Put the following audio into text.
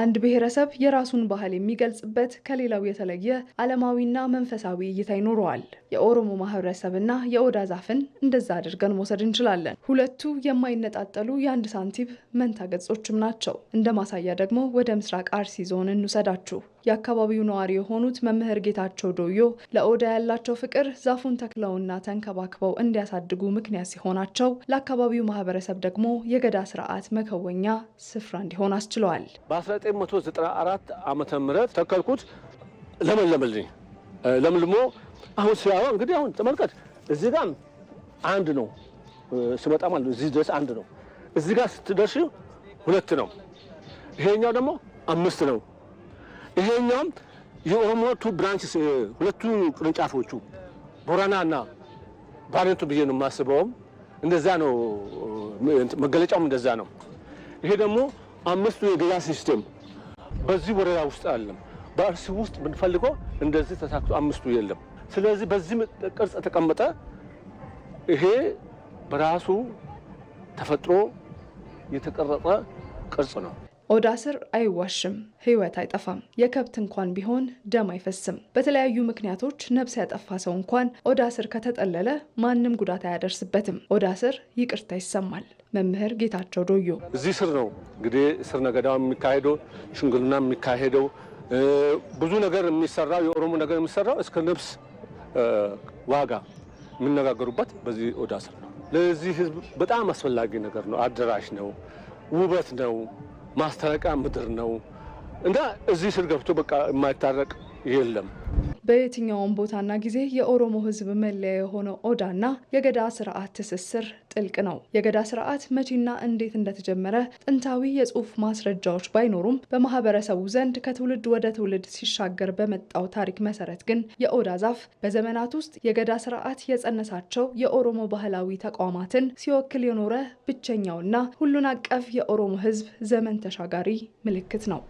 አንድ ብሔረሰብ የራሱን ባህል የሚገልጽበት ከሌላው የተለየ ዓለማዊና መንፈሳዊ እይታ ይኖረዋል። የኦሮሞ ማህበረሰብና የኦዳ ዛፍን እንደዛ አድርገን መውሰድ እንችላለን። ሁለቱ የማይነጣጠሉ የአንድ ሳንቲም መንታ ገጾችም ናቸው። እንደ ማሳያ ደግሞ ወደ ምስራቅ አርሲ ዞን እንውሰዳችሁ። የአካባቢው ነዋሪ የሆኑት መምህር ጌታቸው ዶዮ ለኦዳ ያላቸው ፍቅር ዛፉን ተክለውና ተንከባክበው እንዲያሳድጉ ምክንያት ሲሆናቸው ለአካባቢው ማህበረሰብ ደግሞ የገዳ ስርዓት መከወኛ ስፍራ እንዲሆን አስችለዋል። በ1994 ዓ ም ተከልኩት። ለመለመልኝ ለምልሞ አሁን ሲያው እንግዲህ አሁን ተመልከት፣ እዚህ ጋር አንድ ነው ስመጣ ማለት እዚህ ድረስ አንድ ነው። እዚህ ጋር ስትደርሽ ሁለት ነው። ይሄኛው ደግሞ አምስት ነው። ይሄኛውም የኦሞቱ ብራንች ሁለቱ ቅርንጫፎቹ ቦረናና ባሬንቱ ብዬ ነው የማስበውም እንደዛ ነው። መገለጫውም እንደዛ ነው። ይሄ ደግሞ አምስቱ የገዛ ሲስቴም በዚህ ወረዳ ውስጥ አለም። በአርሲ ውስጥ ብንፈልገው እንደዚህ ተሳክቶ አምስቱ የለም። ስለዚህ በዚህ ቅርጽ የተቀመጠ ይሄ በራሱ ተፈጥሮ የተቀረጸ ቅርጽ ነው። ኦዳ ስር አይዋሽም፣ ህይወት አይጠፋም፣ የከብት እንኳን ቢሆን ደም አይፈስም። በተለያዩ ምክንያቶች ነብስ ያጠፋ ሰው እንኳን ኦዳ ስር ከተጠለለ ማንም ጉዳት አያደርስበትም። ኦዳስር ይቅርታ ይሰማል። መምህር ጌታቸው ዶዮ እዚህ ስር ነው እንግዲህ ስር ነገዳ የሚካሄደው ሽምግልና የሚካሄደው ብዙ ነገር የሚሰራው የኦሮሞ ነገር የሚሰራው እስከ ነብስ ዋጋ የሚነጋገሩበት በዚህ ኦዳስር ስር ነው። ለዚህ ህዝብ በጣም አስፈላጊ ነገር ነው። አደራሽ ነው፣ ውበት ነው። ማስታረቂያ ምድር ነው እና እዚህ ስር ገብቶ በቃ የማይታረቅ የለም። በየትኛውም ቦታና ጊዜ የኦሮሞ ህዝብ መለያ የሆነው ኦዳና የገዳ ስርዓት ትስስር ጥልቅ ነው። የገዳ ስርዓት መቼና እንዴት እንደተጀመረ ጥንታዊ የጽሑፍ ማስረጃዎች ባይኖሩም በማህበረሰቡ ዘንድ ከትውልድ ወደ ትውልድ ሲሻገር በመጣው ታሪክ መሰረት ግን የኦዳ ዛፍ በዘመናት ውስጥ የገዳ ስርዓት የጸነሳቸው የኦሮሞ ባህላዊ ተቋማትን ሲወክል የኖረ ብቸኛውና ሁሉን አቀፍ የኦሮሞ ህዝብ ዘመን ተሻጋሪ ምልክት ነው።